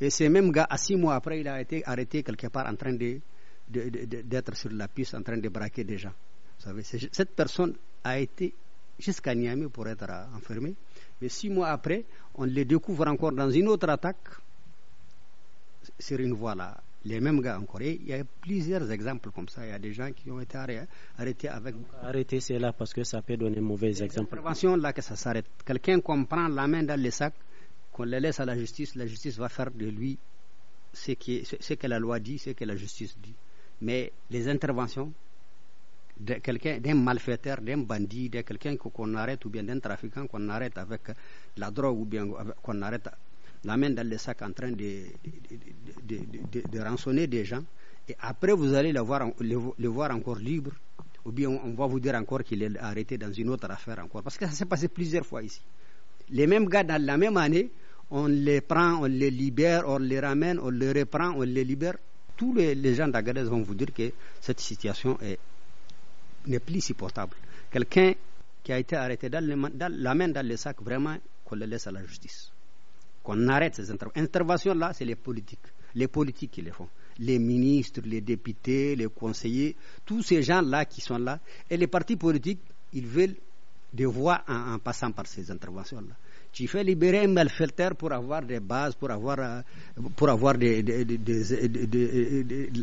Speaker 4: Et ces mêmes gars, à six mois après, il a été arrêté quelque part en train d'être de, sur la piste, en train de braquer des gens. Vous savez, cette personne a été jusqu'à Niamey pour être euh, enfermée. Mais six mois après, on les découvre encore dans une autre attaque sur une voie là. Les mêmes gars encore. Et il y a plusieurs exemples comme ça. Il y a des gens qui ont été arrêtés avec. Arrêter, c'est là parce que ça peut donner mauvais exemple. prévention là que ça s'arrête. Quelqu'un comprend la main dans les sacs on les laisse à la justice, la justice va faire de lui ce, qui est, ce que la loi dit, ce que la justice dit. Mais les interventions de quelqu'un, d'un malfaiteur, d'un bandit, de quelqu'un qu'on arrête ou bien d'un trafiquant qu'on arrête avec la drogue ou bien qu'on arrête, l'amène dans le sac en train de, de, rançonner des gens. Et après, vous allez le voir, le, encore libre ou bien on va vous dire encore qu'il est arrêté dans une autre affaire encore. Parce que ça s'est passé plusieurs fois ici. Les mêmes gars, dans la même année, on les prend, on les libère, on les ramène, on les reprend, on les libère. Tous les, gens d'Agadez vont vous dire que cette situation n'est plus supportable. Quelqu'un qui a été arrêté dans, dans le sac, vraiment, qu'on le laisse à la justice. Qu'on arrête ces interventions. là c'est les politiques. Les politiques qui les font. Les ministres, les députés, les conseillers, tous ces gens-là qui sont là. Et les partis politiques, ils veulent des voix en passant par ces interventions-là tu fais libérer un malfaiteur pour avoir des bases, pour avoir,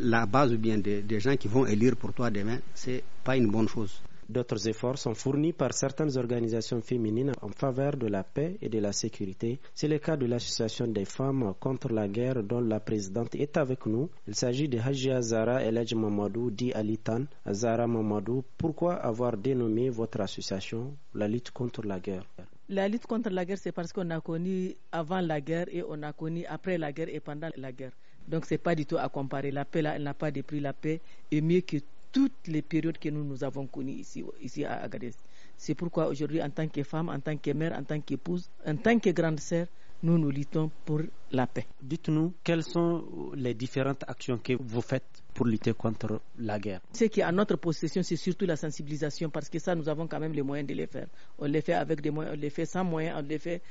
Speaker 4: la base bien des, gens qui vont élire
Speaker 2: pour toi demain, c'est pas une bonne chose. D'autres efforts sont fournis par certaines organisations féminines en faveur de la paix et de la sécurité. C'est le cas de l'Association des femmes contre la guerre dont la présidente est avec nous. Il s'agit de Haji Azara Eladj Mamadou dit Alitan. Azara Mamadou, pourquoi avoir dénommé votre association la lutte contre la guerre
Speaker 1: la lutte contre la guerre, c'est parce qu'on a connu avant la guerre et on a connu après la guerre et pendant la guerre. Donc ce n'est pas du tout à comparer. La paix, elle n'a pas de La paix est mieux que toutes les périodes que nous, nous avons connues ici, ici à Agadez. C'est pourquoi aujourd'hui, en tant que femme, en tant que mère, en tant qu'épouse, en tant que grande sœur, nous nous luttons pour
Speaker 2: la paix. Dites-nous quelles sont les différentes actions que vous faites pour lutter contre la guerre.
Speaker 1: Ce qui est à notre possession, c'est surtout la sensibilisation, parce que ça, nous avons quand même les moyens de les faire. On les fait avec des moyens, on les fait sans moyens, on le fait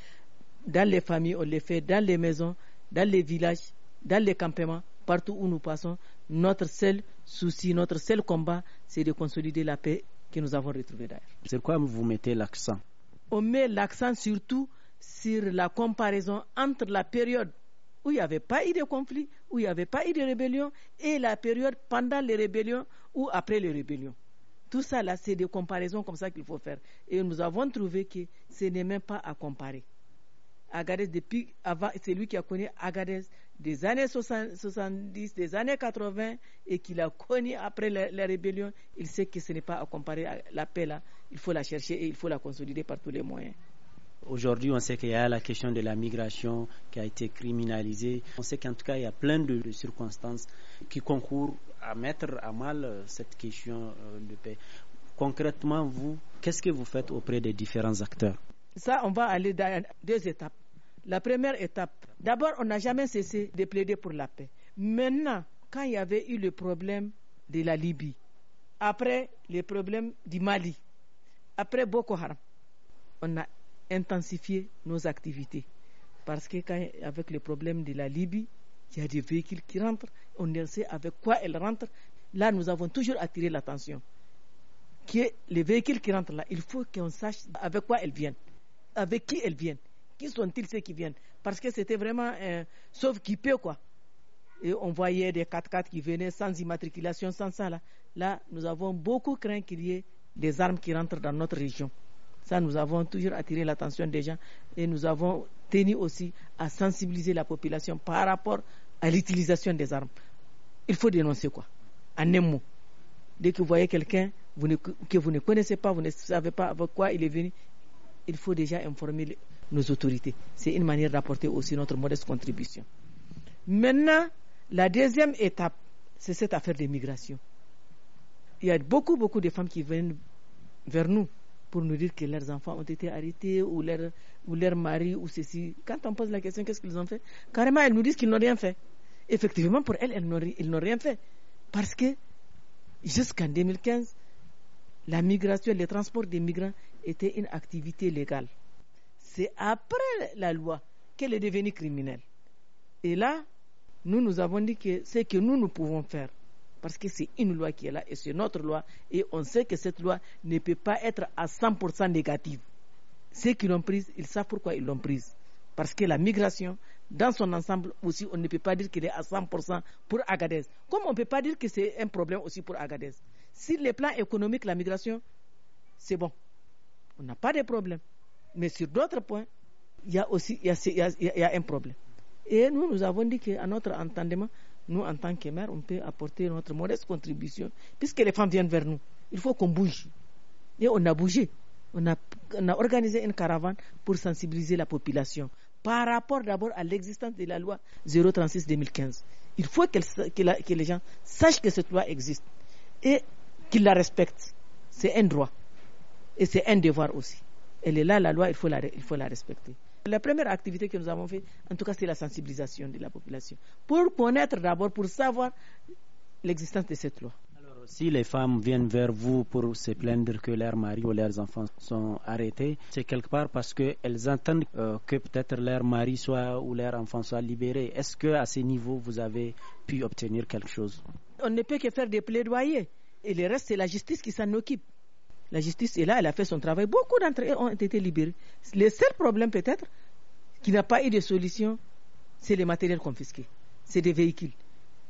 Speaker 1: dans les familles, on les fait dans les maisons, dans les villages, dans les campements, partout où nous passons. Notre seul souci, notre seul combat, c'est de consolider la paix que nous avons retrouvée d'ailleurs.
Speaker 2: C'est quoi vous mettez l'accent
Speaker 1: On met l'accent surtout sur la comparaison entre la période où il n'y avait pas eu de conflit, où il n'y avait pas eu de rébellion, et la période pendant les rébellions ou après les rébellions. Tout ça, là, c'est des comparaisons comme ça qu'il faut faire. Et nous avons trouvé que ce n'est même pas à comparer. Agadez, depuis avant, c'est lui qui a connu Agadez des années 70, des années 80, et qu'il a connu après la, rébellions. rébellion, il sait que ce n'est pas à comparer à la paix là. Il faut la chercher et il faut la consolider par tous les
Speaker 2: moyens. Aujourd'hui, on sait qu'il y a la question de la migration qui a été criminalisée. On sait qu'en tout cas, il y a plein de, circonstances qui concourent à mettre à mal euh, cette question euh, de paix. Concrètement, vous, qu'est-ce que vous faites auprès des différents acteurs
Speaker 1: Ça, on va aller dans deux étapes. La première étape, d'abord, on n'a jamais cessé de plaider pour la paix. Maintenant, quand il y avait eu le problème de la Libye, après les problèmes du Mali, après Boko Haram, on a intensifier nos activités. Parce que quand, avec le problème de la Libye, il y a des véhicules qui rentrent, on ne sait avec quoi elles rentrent. Là, nous avons toujours attiré l'attention. Que les véhicules qui rentrent là, il faut qu'on sache avec quoi elles viennent, avec qui elles viennent, qui sont-ils ceux qui viennent. Parce que c'était vraiment un sauf qui peut quoi. Et on voyait des 4x4 qui venaient sans immatriculation, sans ça là. Là, nous avons beaucoup craint qu'il y ait des armes qui rentrent dans notre région. Ça, nous avons toujours attiré l'attention des gens et nous avons tenu aussi à sensibiliser la population par rapport à l'utilisation des armes. Il faut dénoncer quoi En un mot. Dès que vous voyez quelqu'un que vous ne connaissez pas, vous ne savez pas avec quoi il est venu, il faut déjà informer nos autorités. C'est une manière d'apporter aussi notre modeste contribution. Maintenant, la deuxième étape, c'est cette affaire des migrations. Il y a beaucoup, beaucoup de femmes qui viennent vers nous pour nous dire que leurs enfants ont été arrêtés ou leurs ou leur mari ou ceci. Quand on pose la question, qu'est-ce qu'ils ont fait Carrément, elles nous disent qu'ils n'ont rien fait. Effectivement, pour elles, ils n'ont rien fait. Parce que jusqu'en 2015, la migration, le transport des migrants était une activité légale. C'est après la loi qu'elle est devenue criminelle. Et là, nous, nous avons dit que ce que nous, nous pouvons faire, parce que c'est une loi qui est là et c'est notre loi et on sait que cette loi ne peut pas être à 100% négative. Ceux qui l'ont prise, ils savent pourquoi ils l'ont prise. Parce que la migration, dans son ensemble aussi, on ne peut pas dire qu'elle est à 100% pour Agadez. Comme on ne peut pas dire que c'est un problème aussi pour Agadez. Sur le plan économique, la migration, c'est bon. On n'a pas de problème. Mais sur d'autres points, il y a aussi y un problème. Et nous, nous avons dit qu'à notre entendement, nous, en tant que mères, on peut apporter notre modeste contribution, puisque les femmes viennent vers nous. Il faut qu'on bouge. Et on a bougé. On a, organisé une caravane pour sensibiliser la population par rapport d'abord à l'existence de la loi 036-2015. Il faut que, les gens sachent que cette loi existe et qu'ils la respectent. C'est un droit et c'est un devoir aussi. Elle est là, la loi, il faut la respecter. La première activité que nous avons faite, en tout cas, c'est la sensibilisation de la population. Pour connaître d'abord, pour savoir l'existence de cette loi.
Speaker 2: Alors, si les femmes viennent vers vous pour se plaindre que leurs maris ou leurs enfants sont arrêtés, c'est quelque part parce qu'elles entendent euh, que peut-être leur mari soit ou leur enfant soit libéré. Est-ce que à ce niveau, vous avez pu obtenir quelque chose
Speaker 1: On ne peut que faire des plaidoyers. Et le reste, c'est la justice qui s'en occupe. La justice est là, elle a fait son travail. Beaucoup d'entre eux ont été libérés. Le seul problème peut-être qui n'a pas eu de solution, c'est les matériels confisqués, c'est des véhicules.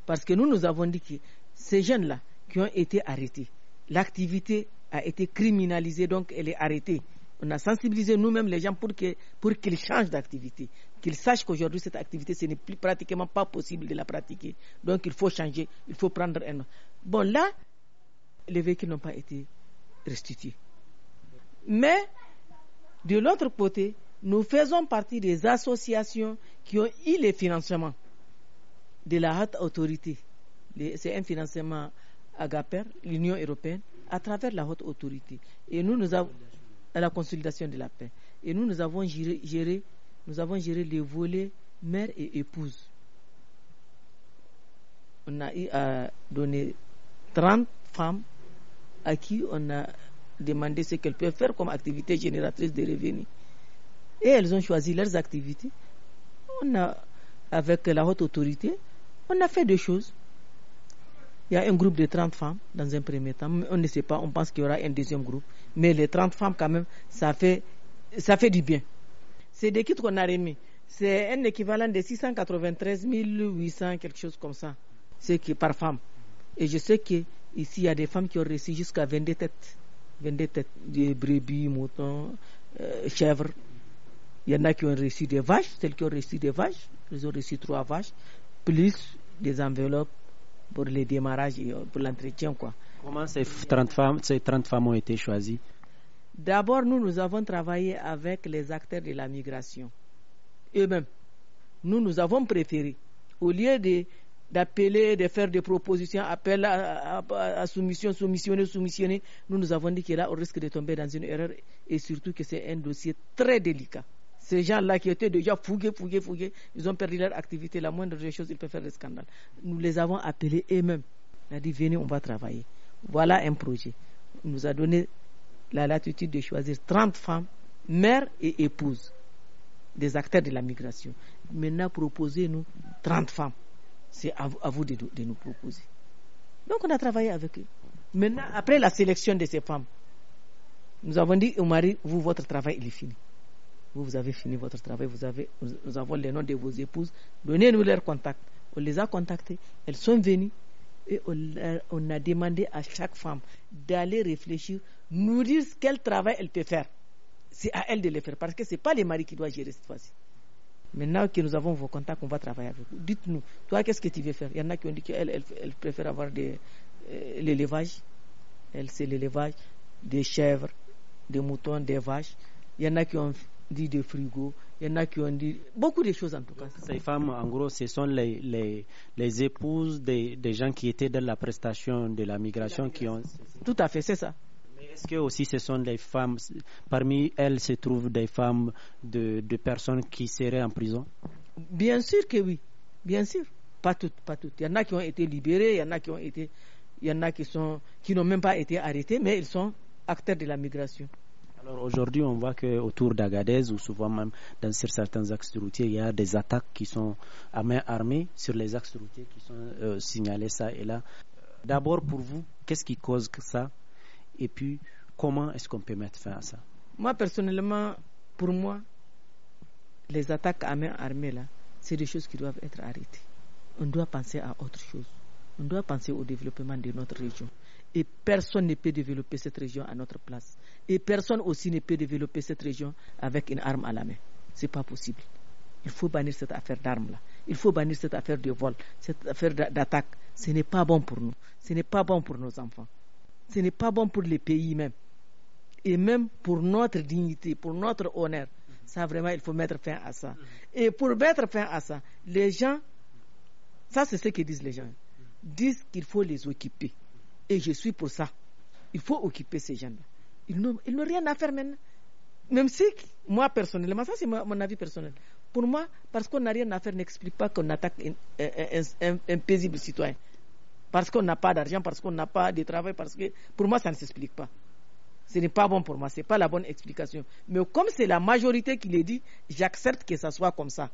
Speaker 1: Parce que nous, nous avons dit que ces jeunes-là qui ont été arrêtés, l'activité a été criminalisée, donc elle est arrêtée. On a sensibilisé nous-mêmes les gens pour qu'ils pour qu'ils changent d'activité, qu'ils sachent qu'aujourd'hui cette activité, ce n'est plus pratiquement pas possible de la pratiquer. Donc il faut changer, il faut prendre un. Bon là, les véhicules n'ont pas été restituer. Mais, de l'autre côté, nous faisons partie des associations qui ont eu les financements de la haute autorité. C'est un financement AGAPER, l'Union européenne, à travers la haute autorité. Et nous, nous avons à la consolidation de la paix. Et nous, nous avons géré, nous avons géré les volets mère et épouse. On a eu à donner 30 femmes à qui on a demandé ce qu'elles peuvent faire comme activité génératrice de revenus. Et elles ont choisi leurs activités. On a, avec la haute autorité, on a fait des choses. Il y a un groupe de 30 femmes dans un premier temps. On ne sait pas, on pense qu'il y aura un deuxième groupe. Mais les 30 femmes, quand même, ça fait, ça fait du bien. C'est des kits qu'on a remis. C'est un équivalent de 693 800, quelque chose comme ça, c'est qui par femme. Et je sais que Ici, il y a des femmes qui ont reçu jusqu'à 22 têtes. 22 têtes de brebis, moutons, euh, chèvres. Il y en a qui ont reçu des vaches, celles qui ont reçu des vaches, elles ont reçu trois vaches, plus des enveloppes pour les démarrages et euh, pour l'entretien. quoi.
Speaker 2: Comment 30 femmes, ces 30 femmes ont été choisies
Speaker 1: D'abord, nous, nous avons travaillé avec les acteurs de la migration. Eux-mêmes, nous, nous avons préféré, au lieu de d'appeler, de faire des propositions, appel à, soumission, soumissionner, soumissionner. Nous, nous avons dit que là, on risque de tomber dans une erreur et surtout que c'est un dossier très délicat. Ces gens-là qui étaient déjà fougués, fougués, fougués, ils ont perdu leur activité. La moindre des choses, ils peuvent faire des scandales. Nous les avons appelés eux-mêmes. On a dit, venez, on va travailler. Voilà un projet. On nous a donné la latitude de choisir 30 femmes, mères et épouses des acteurs de la migration. Maintenant, proposez-nous 30 femmes. C'est à, vous de, nous proposer. Donc on a travaillé avec eux. Maintenant, après la sélection de ces femmes, nous avons dit au mari, vous, votre travail, il est fini. Vous, vous avez fini votre travail, vous avez, nous avons les noms de vos épouses, donnez-nous leur contact. On les a contactées, elles sont venues et euh, on, a demandé à chaque femme d'aller réfléchir, nourrir quel travail elle peut faire. C'est à elle de le faire parce que ce n'est pas les maris qui doivent gérer cette fois-ci. Maintenant que nous avons vos contacts, on va travailler avec vous. Dites-nous, toi, qu'est-ce que tu veux faire Il y en a qui ont dit qu'elle préfère avoir euh, l'élevage. Elle c'est l'élevage des chèvres, des moutons, des vaches. Il y en a qui ont dit des frigos. Il y en a qui ont dit beaucoup de choses en tout
Speaker 2: cas. Ces femmes, en gros, ce sont les, les, épouses des, des, gens qui étaient dans la prestation de la migration, la migration qui ont. Tout à fait, c'est ça. Est-ce que aussi ce sont des femmes, parmi elles se trouvent des femmes de, personnes qui seraient en prison Bien sûr que oui,
Speaker 1: bien sûr. Pas toutes, pas toutes. Il y en a qui ont été libérées, il y en a qui il y en a qui sont, qui n'ont même pas été arrêtées, mais ils sont acteurs de la migration.
Speaker 2: Alors aujourd'hui, on voit qu'autour d'Agadez, ou souvent même dans, certains axes routiers, il y a des attaques qui sont à main armée sur les axes routiers qui sont euh, signalés ça et là. Euh, d'abord, pour vous, qu'est-ce qui cause ça et puis comment est-ce qu'on peut mettre fin à ça
Speaker 1: Moi, personnellement, pour moi, les attaques à main armée, là, c'est des choses qui doivent être arrêtées. On doit penser à autre chose. On doit penser au développement de notre région. Et personne ne peut développer cette région à notre place. Et personne aussi ne peut développer cette région avec une arme à la main. Ce n'est pas possible. Il faut bannir cette affaire d'armes-là. Il faut bannir cette affaire de vol, cette affaire d'attaque. Ce n'est pas bon pour nous. Ce n'est pas bon pour nos enfants. Ce n'est pas bon pour les pays même. Et même pour notre dignité, pour notre honneur. Ça, vraiment, il faut mettre fin à ça. Et pour mettre fin à ça, les gens, ça c'est ce que disent les gens, disent qu'il faut les occuper. Et je suis pour ça. Il faut occuper ces gens-là. Ils n'ont rien à faire maintenant. Même si, moi personnellement, ça c'est mon avis personnel. Pour moi, parce qu'on n'a rien à faire n'explique pas qu'on attaque un, un paisible citoyen parce qu'on n'a pas d'argent, parce qu'on n'a pas de travail, parce que pour moi, ça ne s'explique pas. Ce n'est pas bon pour moi, ce n'est pas la bonne explication. Mais comme c'est la majorité qui le dit, j'accepte que ça soit comme ça.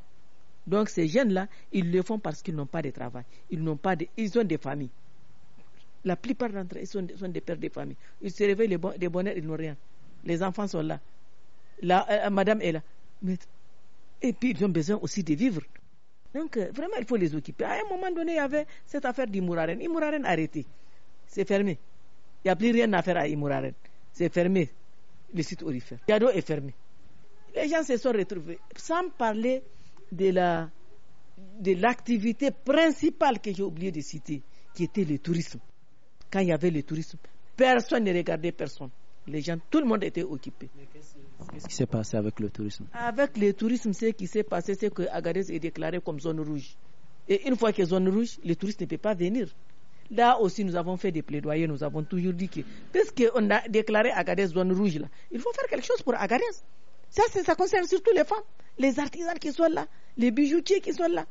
Speaker 1: Donc ces jeunes-là, ils le font parce qu'ils n'ont pas de travail, ils n'ont pas de, ils ont des familles. La plupart d'entre eux sont, des pères de famille. Ils se réveillent des bonheurs, ils n'ont rien. Les enfants sont là. La, euh, madame est là. et puis ils ont besoin aussi de vivre. Donc, euh, vraiment, il faut les occuper. À un moment donné, il y avait cette affaire d'Imouraren. Imouraren arrêté. C'est fermé. Il n'y a plus rien à faire à Imouraren. C'est fermé. Le site orifère. Yado est fermé. Les gens se sont retrouvés. Sans parler de la de l'activité principale que j'ai oublié de citer, qui était le tourisme. Quand il y avait le tourisme, personne ne regardait personne. Les gens, tout le monde était occupé.
Speaker 2: Qu'est-ce qui s'est passé avec le tourisme
Speaker 1: Avec le tourisme, ce qui s'est passé, c'est que Agadez est déclarée comme zone rouge. Et une fois que zone rouge, les touristes ne peuvent pas venir. Là aussi, nous avons fait des plaidoyers, nous avons toujours dit que, on a déclaré Agadez zone rouge, là, il faut faire quelque chose pour Agadez. Ça, ça concerne surtout les femmes, les artisans qui sont là, les bijoutiers qui sont là.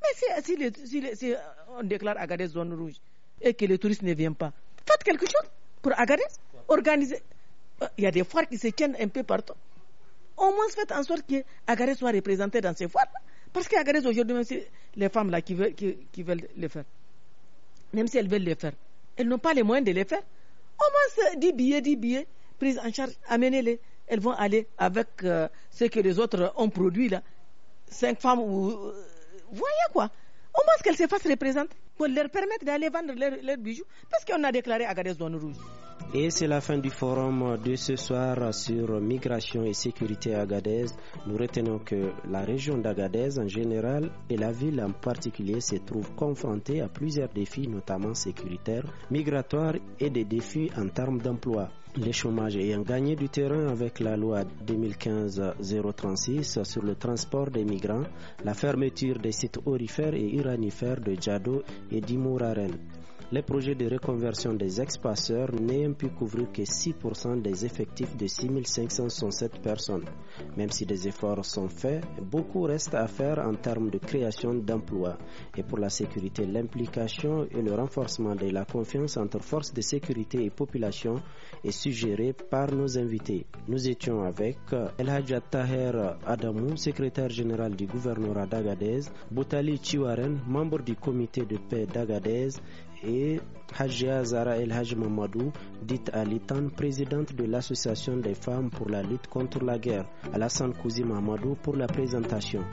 Speaker 1: Mais si, on déclare Agadez zone rouge et que les touristes ne viennent pas, faites quelque chose pour Agadez. Organisez, il y a des foires qui se tiennent un peu partout. Au moins, faites en sorte qu'Agarès soit représentée dans ces foires-là. Parce qu'Agarès, aujourd'hui, même si les femmes-là qui veulent, qui, le faire, même si elles veulent le faire, elles n'ont pas les moyens de le faire. Au moins, 10 billets, 10 billets, prise en charge, amenez-les. Elles vont aller avec euh, ce que les autres ont produit, là. Cinq femmes ou. Euh, voyez quoi. Au moins qu'elles se fassent représenter leur permettre d'aller vendre leurs, bijoux, parce qu'on a déclaré Agadez zone rouge.
Speaker 2: Et c'est la fin du forum de ce soir sur migration et sécurité à Agadez. Nous retenons que la région d'Agadez en général et la ville en particulier se trouvent confrontée à plusieurs défis, notamment sécuritaires, migratoires et des défis en termes d'emploi. Les chômages ayant gagné du terrain avec la loi 2015-036 sur le transport des migrants, la fermeture des sites orifères et uranifères de Djado et d'Imouraren les projets de reconversion des ex-passeurs n'ayant pu couvrir que 6% des effectifs de 6567 personnes. Même si des efforts sont faits, beaucoup reste à faire en termes de création d'emplois. Et pour la sécurité, l'implication et le renforcement de la confiance entre forces de sécurité et population est suggéré par nos invités. Nous étions avec euh, El Hadja Taher Adamou, secrétaire général du gouvernorat d'Agadez, Boutali Chiwaren, membre du comité de paix d'Agadez, et Hajia Zara El Haj Mamadou, dite Alitan, présidente de l'Association des femmes pour la lutte contre la guerre, Alassane Kouzi Mamadou pour la présentation.